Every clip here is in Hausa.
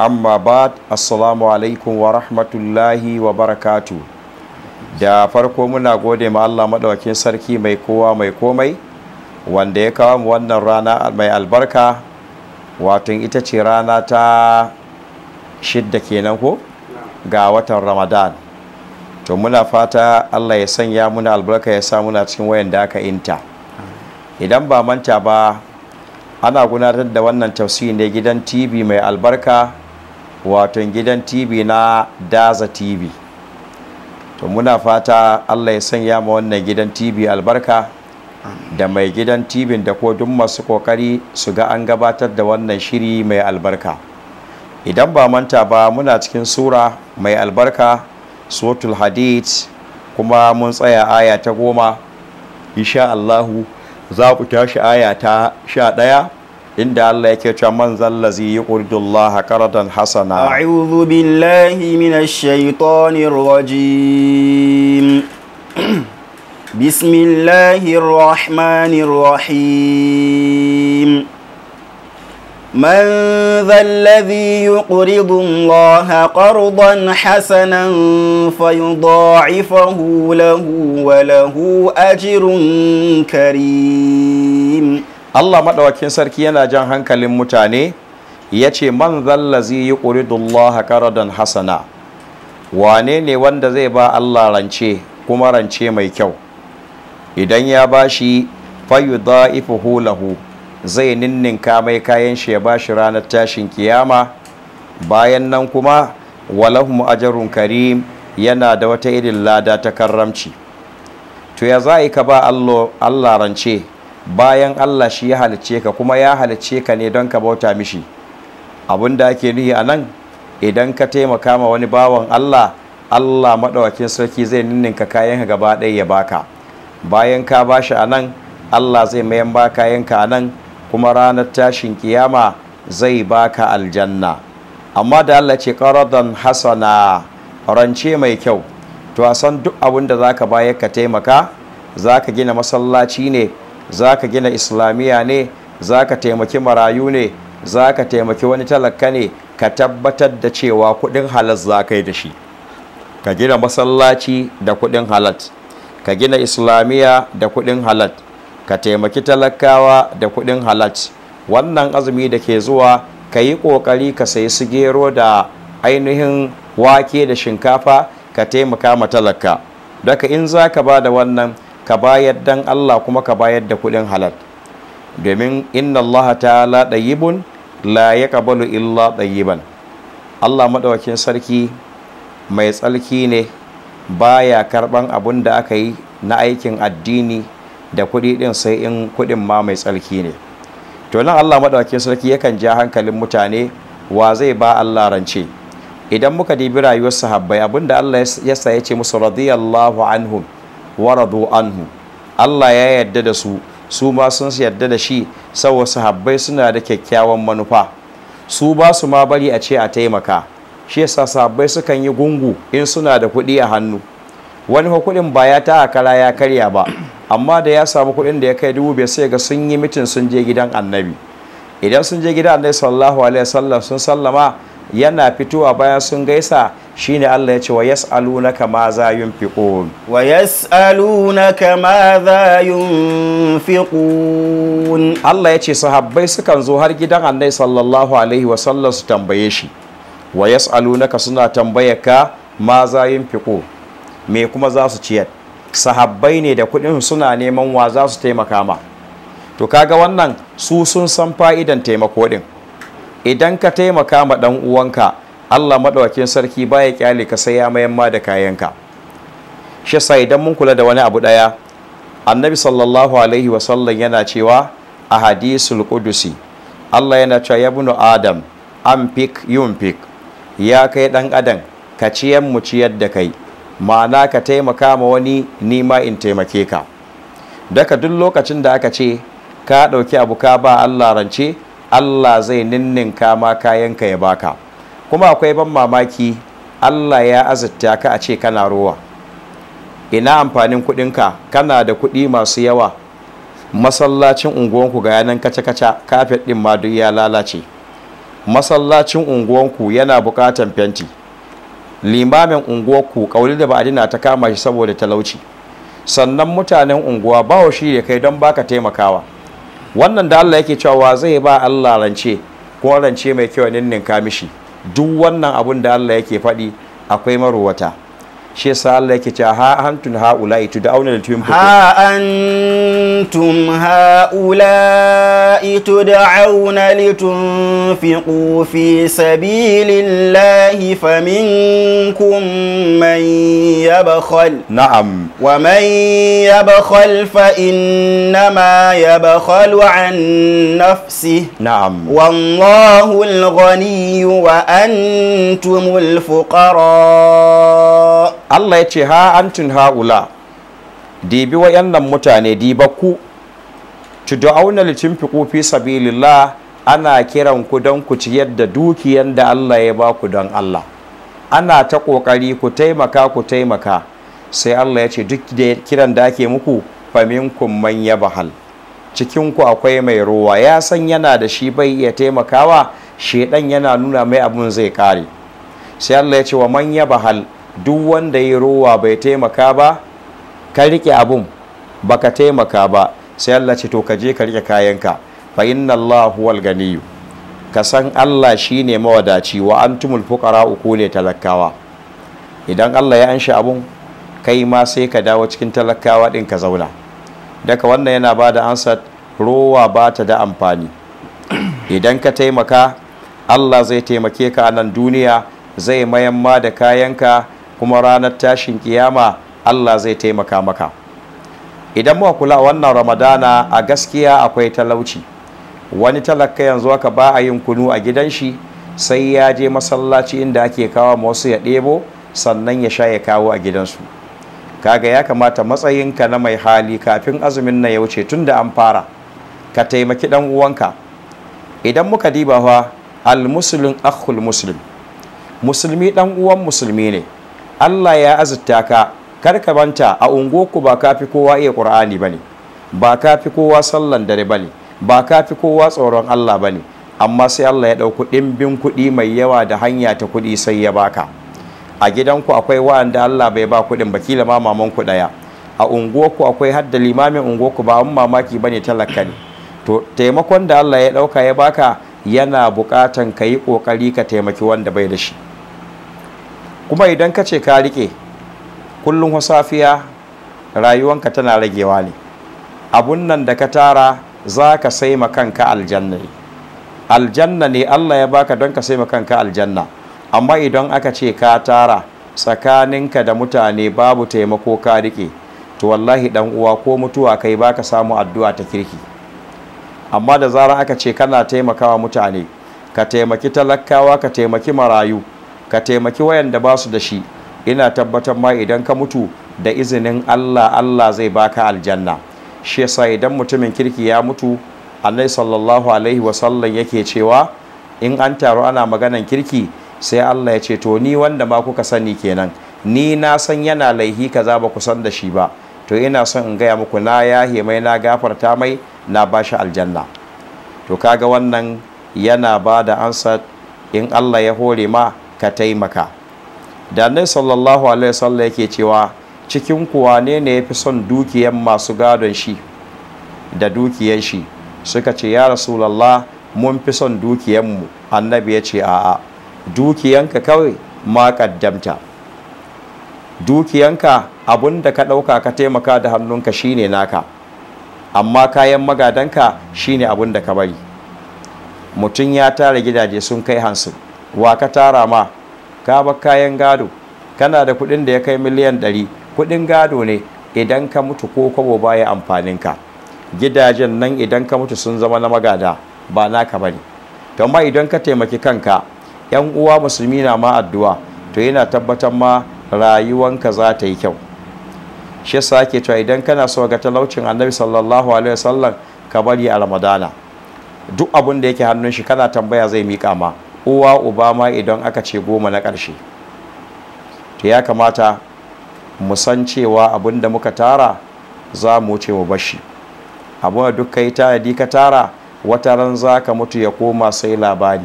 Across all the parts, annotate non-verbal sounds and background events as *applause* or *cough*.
amma ba assalamu alaikum wa rahmatullahi wa barakatu da farko muna gode ma Allah maɗaukin sarki mai kowa mai komai wanda ya kawo mu wannan rana mai albarka wato ita ce rana ta shidda kenan ko ga watan ramadan to muna fata Allah ya sanya muna albarka ya sa muna cikin wayan da aka inta idan ba manta ba ana gudanar da wannan tafsiri ne gidan tv mai albarka waton gidan tv na daza tv to muna fata allah ya sanya ma wannan gidan tv albarka da mai gidan tv da ko duk masu kokari su ga an gabatar da wannan shiri mai albarka idan ba manta ba muna cikin sura mai albarka suratul hadid kuma mun tsaya aya ta goma insha allahu za ku tashi aya ta sha ɗaya إن الله كمن ذا الذي يقرض الله قرضا حسنا أعوذ بالله من الشيطان الرجيم *clears throat* بسم الله الرحمن الرحيم من ذا الذي يقرض الله قرضا حسنا فيضاعفه له وله أجر كريم Allah maɗaukin sarki yana jan hankalin mutane ya ce man zallazi yi ƙuridullah karadan hasana wane ne wanda zai ba Allah rance kuma rance mai kyau idan ya ba shi fayuda'ifuhu lahu zai ninninka mai kayan shi ya ba shi ranar tashin kiyama bayan nan kuma Walahu ajarun karim yana da wata irin lada ta karramci to ya za ka ba Allah rance bayan Allah shi ya halice ka kuma ya halice ka ne don ka bauta mishi abin da ake nuhi a nan idan ka taimaka ma wani bawan Allah Allah maɗaukakin sarki zai ninninka kayanka gaba ɗaya ya baka bayan ka bashi a nan Allah zai mayan ba kayanka a nan kuma ranar tashin kiyama zai baka aljanna amma da Allah ce ƙaradan hasana rance mai kyau to a san duk abin da zaka bayar ka taimaka zaka gina masallaci ne za ka gina islamiyya ne za ka taimaki marayu ne za ka taimaki wani talaka ne ka tabbatar da cewa kudin halal za ka yi da shi ka gina masallaci da kudin halal ka gina islamiyya da kudin halal ka taimaki talakawa da kudin halal wannan azumi da ke zuwa ka yi kokari ka sayi su gero da ainihin wake da shinkafa ka taimaka ma talaka daga in za ka ba da wannan ka bayar dan Allah kuma ka bayar da kuɗin halal domin inna Allah ta'ala ɗayibun la ya kabalu illa ɗayiban Allah maɗaukin sarki mai tsarki ne baya karɓan abun da aka yi na aikin addini da kuɗi ɗin sai in kuɗin ma mai tsarki ne to nan Allah maɗaukin sarki yakan ja hankalin mutane wa zai ba Allah rance idan muka dibi rayuwar sahabbai da Allah ya sa ya ce musu radiyallahu anhum waradu anhu Allah ya yarda da su su ma sun yarda da shi saboda sahabbai suna da kyakkyawan manufa su ba su ma bari a ce a taimaka shi yasa sahabbai sukan yi gungu in suna da kuɗi a hannu wani kuɗin ba ya ta kala ya karya ba amma da ya samu kuɗin da ya kai dubu bai sai ga sun yi mitin sun je gidan annabi idan sun je gidan annabi sallallahu alaihi wasallam sun sallama yana fitowa bayan sun gaisa Shi ne Allah ya ce wa yas'alunaka ma za yunfiqun wa yas'alunaka za Allah ya ce sahabbai sukan zo har gidan annai sallallahu alaihi wa su tambaye shi wa ka suna ka ma za fiƙo? me kuma za su ciyar sahabbai ne da kuɗin suna neman wa za su taimaka ma to kaga wannan su sun san fa'idan taimako din idan ka taimaka ma ɗan uwanka Allah maɗaukin sarki baya kyale ka sai ya mayan ma da kayanka shi yasa idan mun kula da wani abu ɗaya annabi sallallahu alaihi wasallam yana cewa a hadisul qudusi Allah yana cewa ya bunu adam an fik yun fik ya kai ɗan adam ka ciyan mu ciyar da kai ma'ana ka taimaka ma wani nima in taimake ka Daka duk lokacin da aka ce ka ɗauki abu ka ba Allah rance Allah zai ninninka ma kayanka ya baka kuma akwai ban mamaki Allah ya azurta ka a ce kana rowa ina amfanin kudinka kana da kuɗi masu yawa masallacin unguwanku ga yanan kaca-kaca kafet ɗin ma duk ya lalace masallacin unguwanku yana bukatan fenti limamin unguwanku kauli da ba'adina ta kama shi saboda talauci sannan mutanen unguwa ba shi da kai don baka taimakawa wannan da Allah yake cewa zai ba Allah rance ko rance mai kyau ninka mishi duk wannan abun da Allah yake faɗi akwai maruwata shi yasa Allah yake cewa ha antum haula'i tud'auna lil tuwim ha antum haula'i tud'auna litunfiqu fi sabilillahi faminkum man yabkhal na'am wa man yabkhal fa innama yabkhalu an nafsihi na'am wallahu al-ghaniyyu wa antumul fuqara Allah ya ce ha antun haula dibi wa wayannan mutane diba ku auna litin fi sabilillah ana kiran ku don ku ciyar da dukiyan da Allah ya ba ku don Allah ana ta ƙoƙari ku taimaka ku taimaka sai Allah ya ce duk da kiran da ake muku faminkum man yabhal cikin ku akwai mai ruwa ya san yana da shi bai iya taimakawa shedan yana nuna mai abun zai kare sai Allah ya ce wa manya bahal. duk wanda ya rowa bai taimaka ba ka rike abun baka taimaka ba sai Allah ce to ka je ka rike kayanka fa inna Allah huwal ganiyyu ka san Allah shine mawadaci wa antumul fuqara uku ne talakawa idan Allah ya anshi abun kai ma sai ka dawo cikin talakawa din ka zauna daga wannan yana ba da ansa rowa ba ta da amfani idan ka taimaka Allah zai taimake ka a nan duniya zai mayamma da kayanka kuma ranar tashin kiyama Allah zai taimaka maka idan muka kula wannan ramadana a gaskiya akwai talauci wani talaka yanzu aka ba a yin kunu a gidan shi sai ya je masallaci inda ake kawo wasu ya ɗebo sannan ya sha ya kawo a gidansu kaga ya kamata matsayinka na mai hali kafin azumin na ya wuce tun da an fara ka taimaki dan uwanka idan muka diba fa al muslim akhul muslim musulmi dan uwan musulmi ne Allah ya azurta ka kar ka banta a unguwaku ba ka fi kowa iya Qur'ani bane ba ka fi kowa sallan dare bane ba ka fi kowa tsoron Allah bane amma sai Allah ya ɗauki ɗimbin kuɗi mai yawa da hanya ta kuɗi sai ya baka a gidanku akwai wa'anda Allah bai ba kuɗin ba kila ma ku ɗaya a unguwarku akwai hadda limamin unguwarku ba mun mamaki bane talaka ne to taimakon da Allah ya ɗauka ya baka yana buƙatan ka yi ƙoƙari ka taimaki wanda bai da shi kuma idan ka ce ka rike kullum safiya rayuwanka tana ragewa ne abun nan da ka tara za ka sai kanka aljanna ne aljanna ne allah ya baka don ka sai kanka aljanna amma idan aka ce ka tara tsakaninka da mutane babu taimako ka rike to wallahi dan uwa ko mutuwa kai baka samu addu'a ta kirki amma da zarar aka ce kana taimakawa mutane ka taimaki talakawa ka taimaki marayu ka taimaki wayanda ba su da shi ina tabbatar ma idan ka mutu da izinin Allah Allah zai baka aljanna shi yasa idan mutumin kirki ya mutu annabi sallallahu alaihi wasallam yake cewa in an taru ana maganan kirki sai Allah ya ce to ni wanda ma kuka sani kenan ni na san yana laihi kaza ba ku san da shi ba to ina son in gaya muku na yahe mai na gafarta mai na bashi aljanna to kaga wannan yana ba da ansa in Allah ya hore ma ka taimaka da annai sallallahu alaihi wasallam yake cewa cikin kuwa ne ne ya fi son dukiyan masu gadon shi da dukiyan shi suka ce ya rasulallah mun fi son dukiyanmu annabi ya ce a'a dukiyanka kawai ma kaddamta dukiyanka abun da ka ɗauka ka taimaka da hannunka shine naka amma kayan magadanka shine abun da ka bari mutum ya tara gidaje sun kai hansu wa ka tara ma ka ba kayan gado kana da kuɗin da ya kai miliyan ɗari kuɗin gado ne idan ka mutu ko kwabo baya amfaninka gidajen nan idan ka mutu sun zama na magada ba naka ba ne to ma idan ka taimaki kanka yan uwa musulmi na ma addu'a to yana tabbatar ma rayuwanka za ta yi kyau shi yasa ake cewa idan kana so ga talaucin annabi sallallahu alaihi wasallam ka bari a ramadana duk abin da yake hannun shi kana tambaya zai miƙa ma uwa uba ma idan aka ce goma na ƙarshe to ya kamata mu san cewa abin da muka tara za mu wuce mu bashi abin da duk kai tanadi ka tara wata ran za ka mutu ya koma sai labari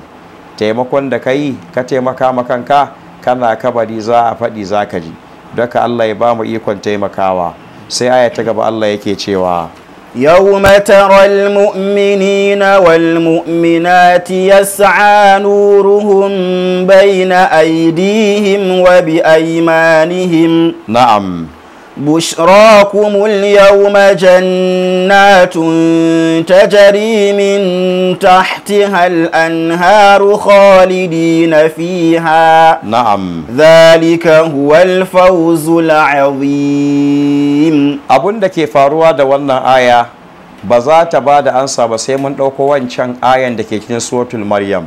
taimakon da ka yi ka taimaka ma kanka kana kabari za a faɗi za ka ji daga Allah ya ba mu ikon taimakawa sai aya ta gaba Allah yake cewa يوم ترى المؤمنين والمؤمنات يسعى نورهم بين أيديهم وبأيمانهم نعم بشراكم اليوم جنات تجري من تحتها الأنهار خالدين فيها نعم ذلك هو الفوز العظيم أبونا دكي فاروا دولنا آية بزات بعد أنسى بسيمن أوكوان شان آية دكي سورة المريم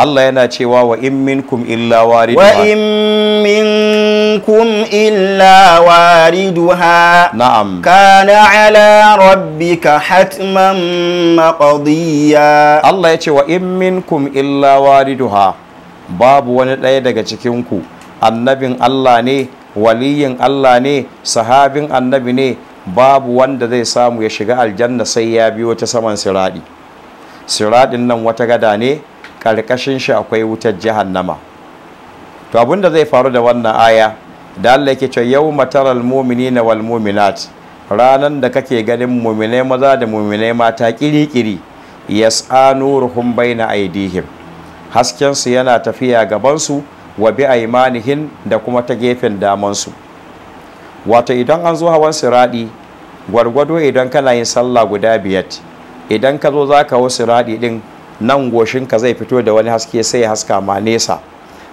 Allah yana cewa wa in minkum illa wariduha wa in minkum illa wariduha na'am kana ala rabbika hatman maqdiya Allah ya ce wa in minkum illa wariduha babu wani ɗaya daga cikin ku annabin Allah ne waliyin Allah ne sahabin annabi ne babu wanda zai samu ya shiga aljanna sai ya biyo ta saman siradi siradin nan wata gada ne karkashin shi akwai wutar jahannama to abinda zai faru da wannan aya da Allah yake cewa yau mataral mu'minina wal mu'minat ranan da kake ganin mu'minai maza da mu'minai mata kirikiri yas'a nuruhum baina aidihim hasken su yana tafiya gaban su wa bi aymanihin da kuma ta gefen daman su wato idan an zo hawan siradi gwargwado idan kana yin sallah guda biyar idan ka zo zaka hau siradi din nan goshinka zai fito da wani haske sai ya haska ma nesa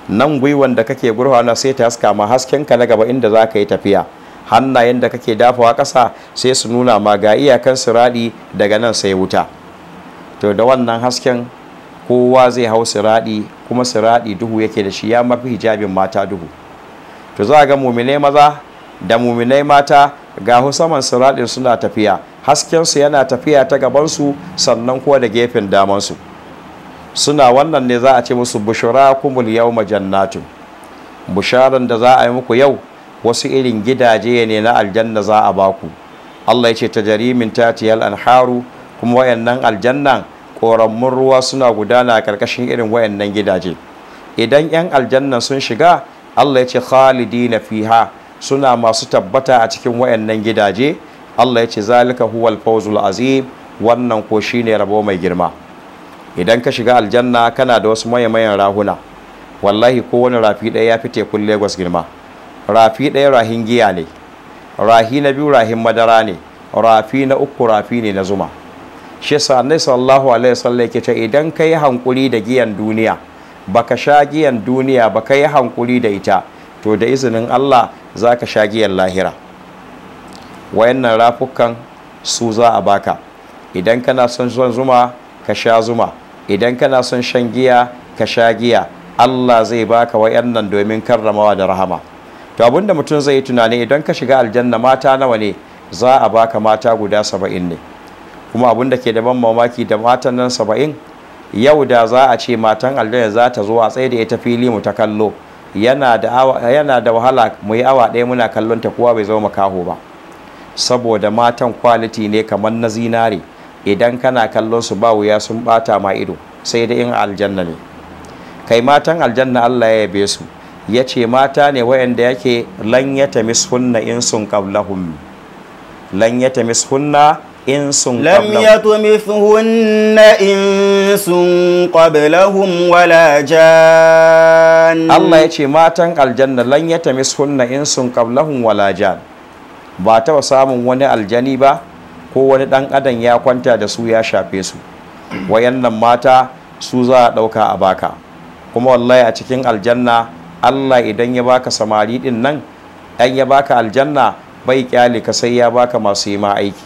nan gwiwan da kake gurfana sai ta haska ma haskenka na gaba inda za ka yi tafiya hannayen da kake dafawa ƙasa sai su nuna ma ga iyakan siraɗi daga nan sai wuta to da wannan hasken kowa zai hau siraɗi kuma siraɗi duhu yake da shi ya mafi hijabin mata duhu to za ga muminai maza da muminai mata ga saman siraɗin suna tafiya Hasken su yana tafiya ta gaban su sannan kuwa da gefen damansu suna wannan ne za a ce musu bushura kumul yau majannatun busharan da za a yi muku yau wasu irin gidaje ne na aljanna za a baku Allah ya ce ta jarimin tatiyal anharu kuma wayannan aljannan korammun ruwa suna gudana a karkashin irin wayannan gidaje idan 'yan aljannan sun shiga Allah ya ce khalidina fiha suna masu tabbata a cikin wayannan gidaje Allah ya ce zalika huwal fawzul azim wannan ko shine rabo mai girma idan ka shiga aljanna kana da wasu mayan rahuna wallahi kowane rafi ɗaya ya fi tekun lagos girma rafi ɗaya rahin giya ne rahi na biyu rahin madara ne rafi na uku rafi ne na zuma shi sa Sallahu alaihi wasallam yake ce idan ka yi hankuri da giyan duniya baka sha giyan duniya baka yi hankuri da ita to da izinin Allah za ka sha giyan lahira wayannan rafukan su za a baka idan kana son zuma ka sha zuma idan kana son shan giya ka sha giya Allah zai baka wayannan domin karramawa da rahama to abinda mutum zai yi tunani idan ka shiga aljanna mata nawa ne za a baka mata guda saba'in ne kuma abin da ke da ban mamaki da matan nan saba'in yau da za a ce matan aljanna za ta zo a tsaye da ita fili mu ta kallo yana da wahala mu yi awa ɗaya muna kallon ta kowa bai zama kaho ba saboda matan kwaliti ne kamar na zinare idan kana kallon su ba wuya sun bata ma ido sai dai in aljanna ne kai matan aljanna Allah ya yabe su ya ce mata ne wayanda yake lan ya tamis hunna in sun qablahum lan ya tamis hunna in sun lam yatumis hunna in sun qablahum wala jan Allah ya ce matan aljanna lan ya tamis hunna in sun qablahum wala jan ba ta samun wani aljani ba ko wani ɗan adam ya kwanta da su ya shafe su wayannan mata su za a ɗauka a baka kuma wallahi a cikin aljanna allah idan ya baka samari ɗin nan ɗan ya baka aljanna bai kyale ka sai ya baka masu yi ma aiki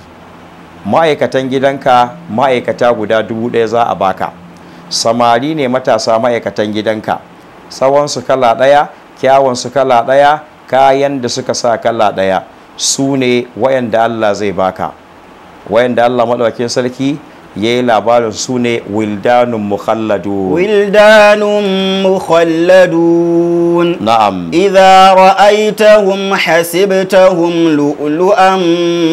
ma'aikatan gidanka ma'aikata guda dubu ɗaya za a baka samari ne matasa ma'aikatan gidanka tsawon su kala ɗaya su kala ɗaya kayan da suka sa kala ɗaya su ne wayanda allah zai baka wayanda Allah madaukakin sarki ya yi labarin su ne wildanun mukhalladu wildanun mukhalladun na'am idza ra'aitahum hasibtahum lu'lu'an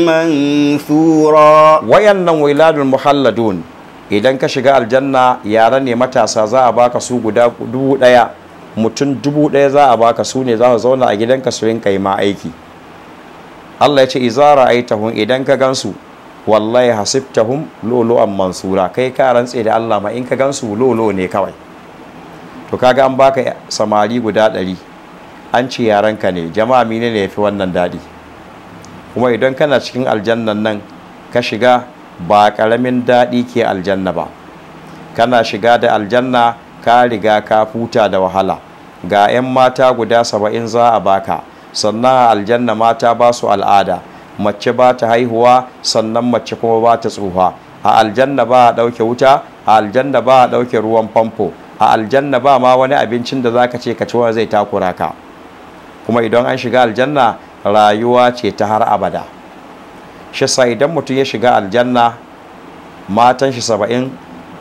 mansura wayannan wildanun mukhalladun idan ka shiga aljanna yara ne matasa za a baka su guda dubu daya mutum dubu daya za a baka su ne za su zauna a gidanka su rinka yi ma aiki Allah ya ce izara aitahun idan ka gansu wallahi hasibtahum lolo'an mansura kai ka rantse da Allah ma in ka gansu lolo ne kawai to kaga an baka samari guda ɗari an ce yaranka ne jama'a mine ne yafi wannan daɗi kuma idan kana cikin aljannan nan ka shiga ba ƙaramin daɗi ke aljanna ba kana shiga da aljanna ka riga ka futa da wahala ga 'yan mata guda saba'in za a baka sannan aljanna mata ba su al'ada mace ba ta haihuwa sannan mace kuma ba ta tsufa a aljanna ba a ɗauke wuta a aljanna ba a ɗauke ruwan famfo a aljanna ba ma wani abincin da zaka ce ka ci wani zai takura ka kuma idan an shiga aljanna rayuwa ce ta har abada shi sa idan mutum ya shiga aljanna matan shi saba'in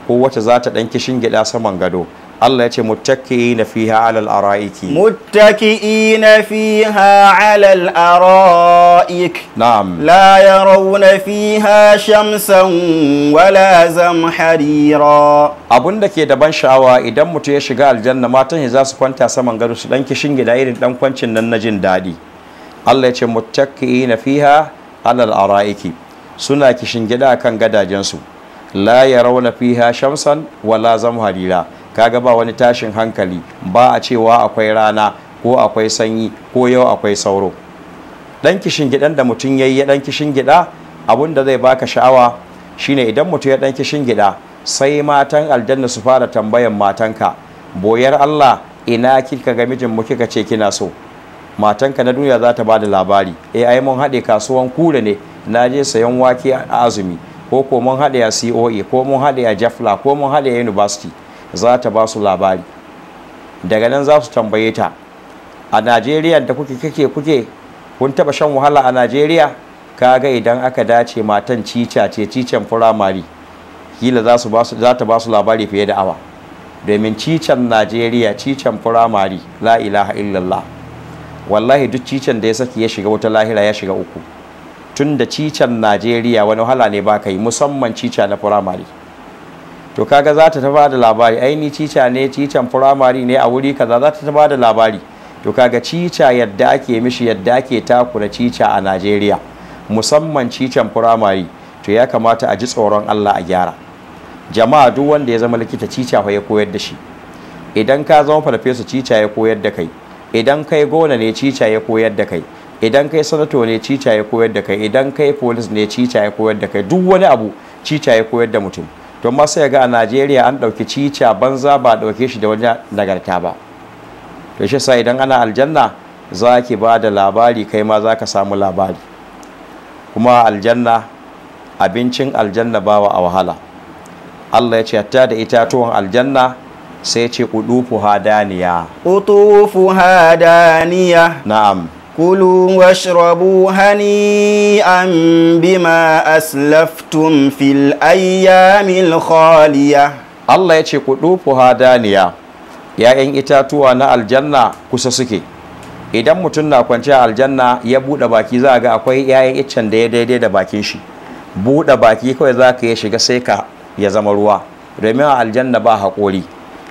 ko wata za ta ɗan kishin gida saman gado Allah ya ce muttaki'ina fiha alal al-ara'iki muttaki'ina fiha alal al-ara'ik na'am la yarawna fiha shamsan wala zamharira abun da ke da ban sha'awa idan mutum ya shiga aljanna matan za su kwanta saman gado su dan kishin gida irin dan kwancin nan na jin daɗi Allah ya ce muttaki'ina fiha alal araiki suna kishin gida kan gadajensu la yarawna fiha shamsan wala zamharira kaga ba wani tashin hankali ba a cewa akwai rana ko akwai sanyi ko yau akwai sauro Ɗan kishin gidan da mutum yayi ya dan kishin gida abun da zai baka sha'awa shine idan mutum ya dan kishin gida sai matan aljanna su fara tambayan matanka boyar Allah ina kika ga mijin mu kika ce kina so matanka na duniya za ta bada labari eh ai mun haɗe kasuwan kure ne na je sayan wake a azumi ko ko mun haɗe a COE ko mun haɗe a Jafla ko mun haɗe a University za ta ba su labari daga nan za su tambaye ta a najeriya da kuke kake kuke kun taba shan wahala a najeriya kaga idan aka dace matan cica ce cicen firamare kila za ta ba su labari fiye da awa domin cicen najeriya cicen firamare la ilaha illallah wallahi duk cicen da ya saki ya shiga wata lahira ya shiga uku tun da cicen najeriya wani wahala ne ba ka yi musamman cica na firamare to kaga za ta ba da labari aini cica ne cican firamare ne a wuri kaza za ta ba da labari to kaga cica yadda ake mishi yadda ake takura cica a najeriya musamman cican firamare to ya kamata a ji tsoron allah a gyara jama'a duk wanda ya zama likita cica ya koyar da shi idan ka zama farfesa cica ya koyar da kai idan kai gona ne cica ya koyar da kai idan kai sanato ne cica ya koyar da kai idan kai polis ne cica ya koyar da kai duk wani abu cica ya koyar da mutum to ma sai ga a Najeriya an ɗauki cica banza ba ɗauke shi da wajen nagarta ba to shi sa idan ana aljanna za ki ba da labari kai ma za ka samu labari kuma aljanna abincin aljanna ba wa a wahala Allah ya ce hatta da itatuwan aljanna sai ce udufu hadaniya utufu hadaniya na'am كلوا واشربوا هنيئا بما أسلفتم في الأيام الخالية الله يتشي قلوبها دانية ‘ya'yan itatuwa na aljanna kusa suke idan mutum na kwanci a aljanna ya buɗe baki za ga akwai ‘ya'yan iccen da ya daidai da bakin shi buɗe baki kawai za ka ya shiga sai ka ya zama ruwa domin a aljanna ba haƙori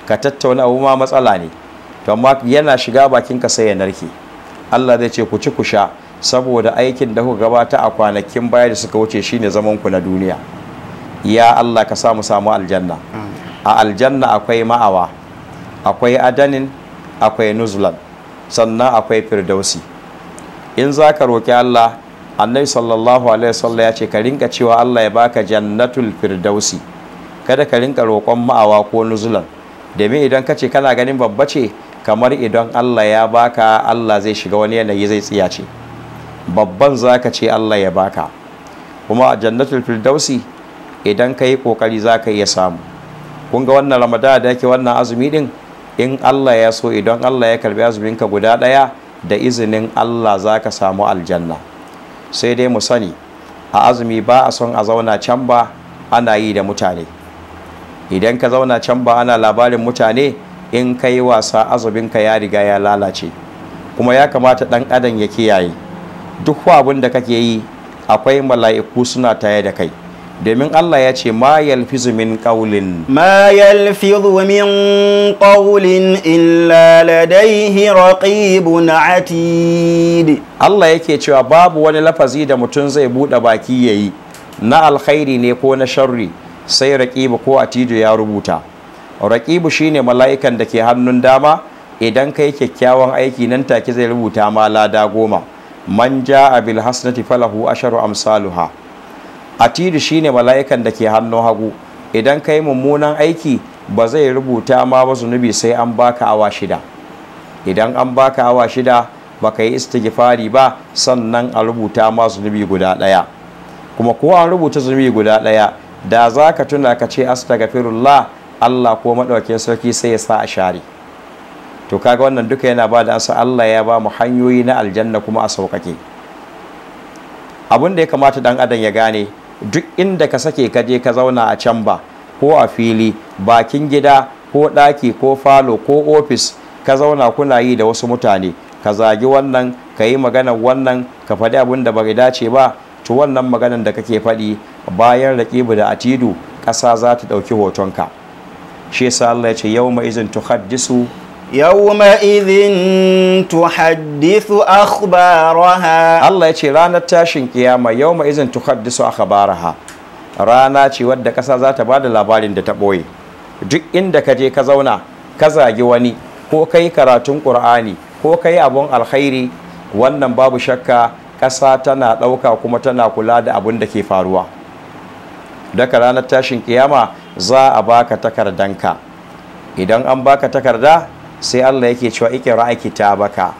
ka tattauna abu ma matsala ne to amma yana shiga bakinka sai ya narke Allah zai ce ku ci ku sha saboda aikin da kuka gabata a kwanakin baya da suka wuce shine zaman ku na duniya ya Allah ka samu samu aljanna a aljanna akwai ma'awa akwai adanin akwai nuzlan sannan akwai firdausi in za ka roƙi Allah annabi sallallahu alaihi wasallam ya ce ka rinka cewa Allah ya baka jannatul firdausi kada ka rinka roƙon ma'awa ko nuzulan domin idan ka ce kana ganin babba ce kamar idan Allah ya baka Allah zai shiga wani yanayi zai tsiyace babban za ka ce Allah ya baka kuma a jannatul firdausi idan ka yi kokari za ka iya samu kun ga wannan ramada da yake wannan azumi din in Allah ya so idan Allah ya karbi azuminka guda ɗaya da izinin Allah za ka samu aljanna sai dai mu sani a azumi ba a son a zauna can ba ana yi da mutane idan ka zauna can ba ana labarin mutane in ka yi wasa azubinka ya riga ya lalace kuma ya kamata ɗan adam ya kiyaye duk abin da kake yi akwai mala'iku suna tare da kai domin Allah ya ce ma yalfizu min qawlin ma yalfizu min qawlin illa ladayhi raqibun atid Allah yake cewa babu wani lafazi da mutum zai buɗe baki yayi na alkhairi ne ko na sharri sai raqibu ko atidu ya rubuta Rakibu shine mala'ikan da ke hannun dama idan kai kyakkyawan aiki nan take zai rubuta ma lada goma man ja abil hasnati falahu asharu amsaluha atidu shine mala'ikan da ke hannun hagu idan kai mummunan aiki ba zai rubuta ma ba zunubi sai an baka awa shida idan an baka awa shida baka yi istighfari ba sannan a rubuta ma zunubi guda ɗaya kuma ko an rubuta zunubi guda ɗaya da za ka tuna ka ce astaghfirullah Allah ko maɗaukin sarki sai ya sa a share to kaga wannan duka yana ba da ansa Allah ya ba mu hanyoyi na aljanna kuma a sauƙaƙe abin da ya kamata ɗan adam ya gane duk inda ka sake ka je ka zauna a can ba ko a fili bakin gida ko ɗaki ko falo ko ofis ka zauna kuna yi da wasu mutane ka zagi wannan ka yi maganar wannan ka faɗi abin da bai dace ba to wannan maganar da kake faɗi bayan raƙibu da atidu ƙasa za ta ɗauki hotonka. shi yasa Allah ya ce yau ma izin tuhaddisu Allah ya ce ranar tashin kiyama yau ma يومئذ haddisu akhbaraha Rana ce wadda ƙasa za ta bada labarin da ta ɓoye duk inda ka je ka zauna ka zagi wani ko kai karatun ƙur'ani ko kai abun alkhairi wannan babu shakka ƙasa tana ɗauka kuma tana kula da abun da ke faruwa daga ranar tashin kiyama za a baka takardanka idan an baka takarda sai Allah yake cewa ikira kitabaka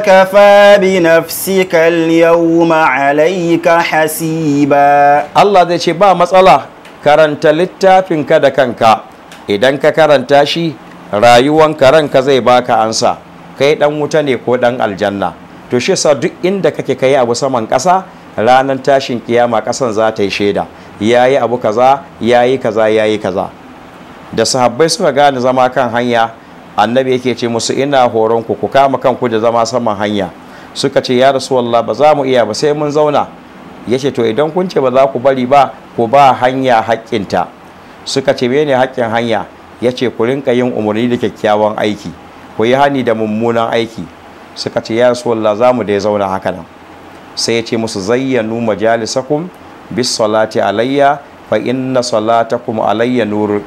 kafa bi nafsika بنفسك اليوم عليك hasiba. Allah zai ce ba matsala karanta littafinka da kanka idan ka karanta shi rayuwanka ranka zai baka ansa kai dan wuta ne ko dan aljanna to shi sa duk inda kake kai abu saman ƙasa ranar tashin kiyama ƙasan za ta yi shaida yayi abu kaza yayi kaza yayi kaza da sahabbai suka gane zama kan hanya annabi yake ce musu ina horon ku ku kama kanku da zama saman hanya suka ce ya rasulullah ba za mu iya ba sai mun zauna yace to idan kun ce ba za ku bari ba ku ba hanya haƙƙinta suka ce mene haƙƙin hanya yace ku rinka yin umarni da kyakkyawan aiki ku yi hani da mummunan aiki suka ce ya rasulullah za mu dai zauna haka nan sai ya ce musu zayyanu majalisakum bis salati alayya fa inna salatakum alayya nurun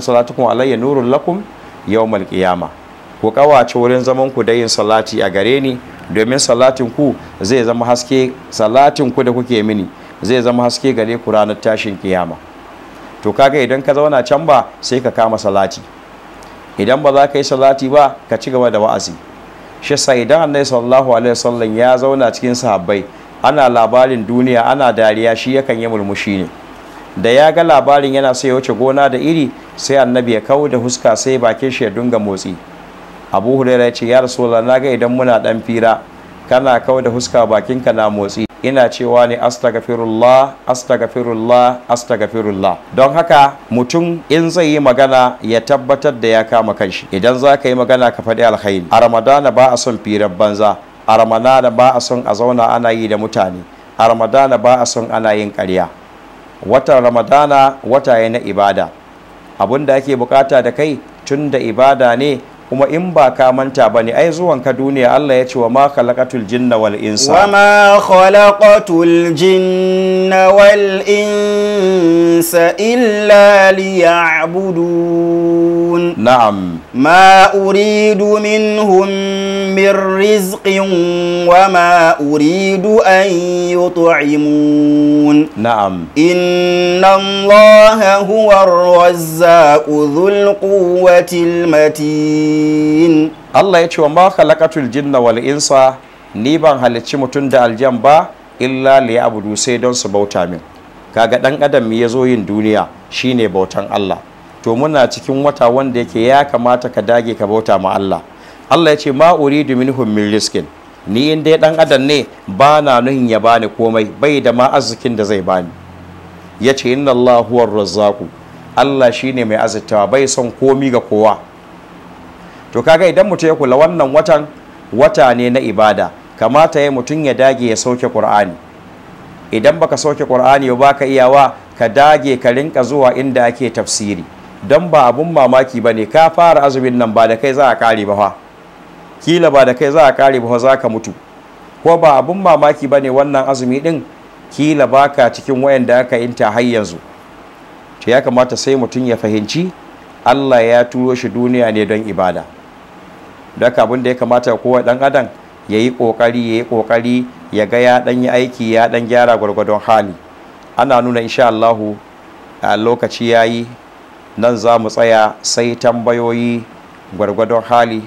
salatakum alayya nurul lakum yawmal qiyama ku kawace wurin zaman ku da yin salati a gare ni domin salatin ku zai zama haske salatin ku da kuke mini zai zama haske gare ku ranar tashin kiyama to kaga idan ka zauna can ba sai ka kama salati idan ba za ka yi salati ba ka ci gaba da wa'azi shi sa idan annabi sallallahu alaihi wasallam ya zauna cikin sahabbai ana labarin duniya ana dariya shi yakan yi murmushi ne da ya ga labarin yana sai wuce gona da iri sai annabi ya kawo da huska sai bakin shi ya dunga motsi abu huraira ya ce ya rasulallah na ga idan muna dan fira kana kawo da huska bakinka na motsi ina cewa ne astaghfirullah astaghfirullah astaghfirullah don haka mutum in zai yi magana ya tabbatar da ya kama kanshi idan za ka yi magana ka faɗi alkhairi a ramadana ba a son firar banza a ramadana ba a son a zauna ana yi da mutane a ramadana ba a son ana yin karya Wata ramadana wata ya na ibada Abun da ake bukata da kai tun da ibada ne kuma in ba ka manta ba ne ai zuwanka duniya Allah ya ce wa ma khalaqatul jinna wal insa wa ma khalaqatul jinna wal insa illa liya'budun na'am ma uridu minhum min rizqin wa ma uridu an yut'imun na'am inna Allah huwa ar-razzaqu dhul quwwati matin alamin Allah ya ce wa ma khalaqatul jinna wal insa ni ban halicci mutum da aljan ba illa li abudu sai don su bauta min kaga dan adam ya zo yin duniya shine bautan Allah to muna cikin wata wanda yake ya kamata ka dage ka bauta ma Allah Allah ya ce ma uridu minhum min riskin ni in dai dan adam ne ba na nuhin ya bani komai bai da ma arzikin da zai bani ya ce inna Allah huwar razzaku Allah shine mai azittawa bai son komi ga kowa to kaga idan mutum ya kula wannan watan wata ne na ibada kamata ya mutum ya dage ya sauke ƙur'ani. idan baka sauke qur'ani ba ka iyawa ka dage ka rinka zuwa inda ake tafsiri don ba abun mamaki ba ne ka fara azumin nan ba da kai za a kare ba fa kila ba da kai za a kare ba fa za ka mutu ko ba abun mamaki ba ne wannan azumi din kila baka cikin wayanda aka inta har yanzu to ya kamata sai mutum ya fahimci Allah ya turo shi duniya ne don ibada don abin da ya kamata kowa dan adam ya yi kokari ya yi kokari ya ga ya dan yi aiki ya dan gyara gwargwadon hali ana nuna insha Allahu a lokaci yayi nan za mu tsaya sai tambayoyi gwargwadon hali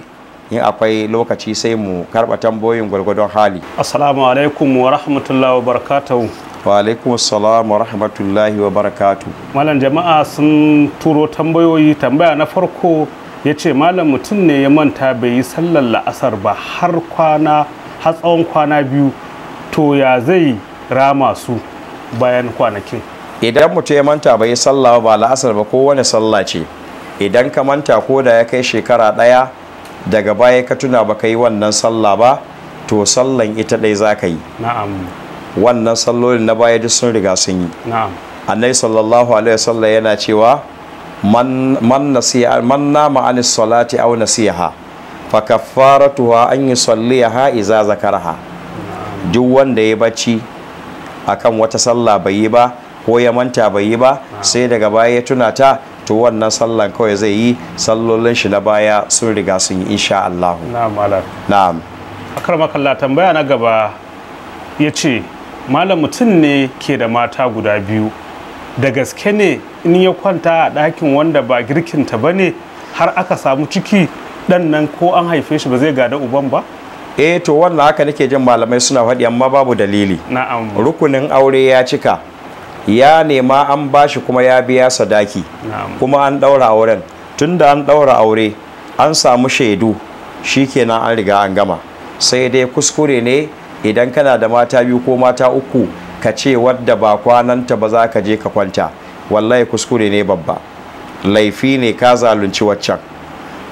in akwai lokaci sai mu karba tambayoyin gwargwadon hali assalamu alaikum wa rahmatullahi wa barakatuhu wa alaikum assalam wa rahmatullahi wa barakatuhu malam jama'a sun turo tambayoyi tambaya na farko ya ce malam mutum ne ya manta bai yi sallar la'asar ba har kwana har tsawon kwana biyu to ya zai rama su bayan kwanakin idan mutum ya manta bai yi sallah ba la'asar ba ko wani sallah ce idan ka manta ko da ya kai shekara ɗaya daga baya ka tuna ba ka yi wannan sallah ba to sallan ita ɗai za ka yi wannan sallolin na baya duk sun riga sun yi na'am annai sallallahu alaihi wasallam yana cewa man nasiya man nama an salati aw nasiha fa kaffaratuha an yusalliha idza zakaraha duk wanda ya bacci akan wata sallah bai yi ba ko ya manta bai yi ba sai daga baya ya tuna ta to wannan sallan kawai zai yi sallolin shi na baya sun riga sun yi insha Allah na'am na'am akar makalla tambaya na gaba ya ce malam mutum ne ke da mata guda biyu da gaske ne in ya kwanta a ɗakin wanda ba girkinta ba ne har aka samu ciki ɗan nan ko an haife shi ba zai gada uban ba eh to wannan haka nake jin malamai suna faɗi amma babu dalili na'am rukunin aure ya cika ya nema an bashi kuma ya biya sadaki kuma an ɗaura auren tun da an ɗaura aure an samu shaidu shi shikenan an riga an gama sai dai kuskure ne idan kana da mata biyu ko mata uku ka ce wadda ba kwananta ba za ka je ka kwanta wallahi kuskure ne babba laifi ne ka zalunci waccan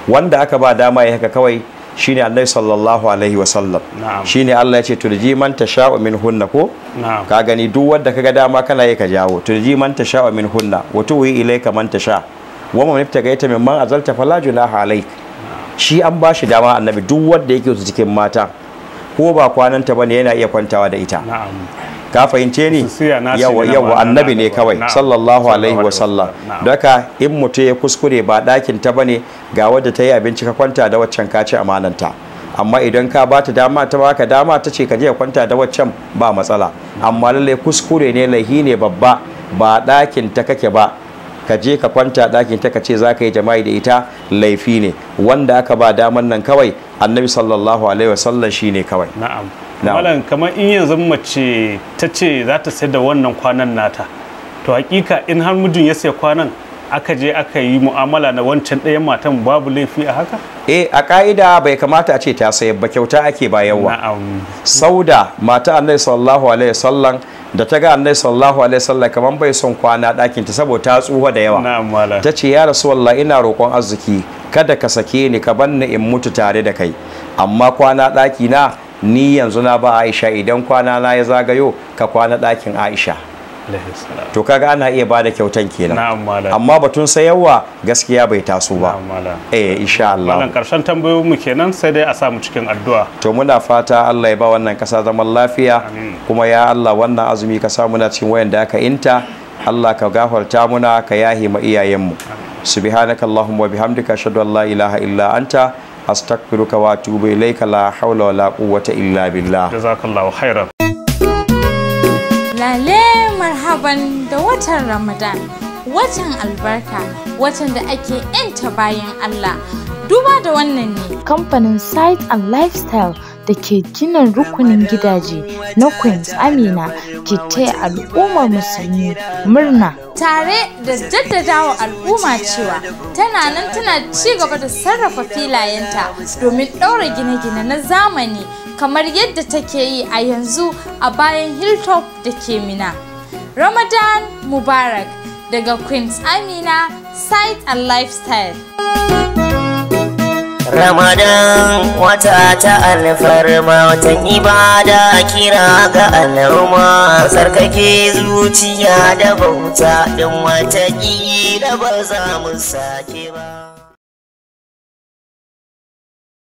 wanda aka ba dama ya haka kawai shine annabi sallallahu alaihi wasallam shine Allah ya ce turji man tasha'u min hunna ko ka gani duk wanda kaga dama kana yi ka jawo turji man tasha'u min hunna wa tuwi ilayka man tasha wa man ibtagaita mimman azalta fala junaha shi an ba shi dama annabi duk wanda yake su cikin mata ko ba kwananta ba ne yana iya kwantawa da ita ka fahimce ni yawa annabi ne kawai sallallahu alaihi wa sallam daka in mutum ya kuskure ba dakin ta bane ga wadda ta yi abinci ka kwanta da waccan ka ci amananta amma idan ka ba ta dama ta baka dama ta ce ka je ka kwanta da waccan ba matsala amma lallai kuskure ne laihi ne babba ba ɗakin ta kake ba ka je ka kwanta dakinta ta ka ce za ka yi jama'i da ita laifi ne wanda aka ba daman nan kawai annabi sallallahu alaihi wa shi ne kawai na'am malam kamar in yanzu mace ta ce za ta sayar da wannan kwanan nata to hakika in har mijin ya saya kwanan aka je aka yi mu'amala na wancan ɗayan matan babu laifi a haka eh a ka'ida bai kamata a ce ta sayar ba kyauta ake bayarwa sauda mata annabi sallallahu alaihi wasallam da ta ga annabi sallallahu alaihi wasallam kaman bai son kwana ɗakin ta saboda ta tsuwa da yawa ta ce ya rasulullah ina roƙon arziki kada ka sake ni ka banna in mutu tare da kai amma kwana ɗaki na ni yanzu na ba aisha idan kwana na ya zagayo ka kwana ɗakin aisha to kaga ana iya ba da kyautan kenan amma batun sayarwa gaskiya bai taso ba eh insha Allah wannan karshen tambayoyin mu kenan sai dai a samu cikin addu'a to muna fata Allah ya ba wannan kasa zaman lafiya kuma ya Allah wannan azumi ka sa muna cikin wayanda aka inta Allah ka gafarta muna ka yahi ma iyayen mu subhanakallahumma wa bihamdika ashhadu an la ilaha illa anta astagfiruka wa tubu ilaika la haula wala quwwata illa billah jazakallahu khairan lale marhaban da watan ramadan watan albarka watan da ake yanta bayan allah Duba da wannan ne kamfanin Sight and Lifestyle da ke gina rukunin gidaje na Queens Amina ke taya al'ummar musulmi murna. Tare da jaddadawa al'umma cewa tana nan tana ci gaba da sarrafa filayenta domin ɗaura gine-gine na zamani kamar yadda take yi a yanzu a bayan Hilltop da ke Mina. Ramadan Mubarak daga Queens Amina Sight and Lifestyle. Ramadan wata ta alfarma watan ibada kira ga al'umma sarkake zuciya da bauta ɗin wata ƙila ba za mu sake ba.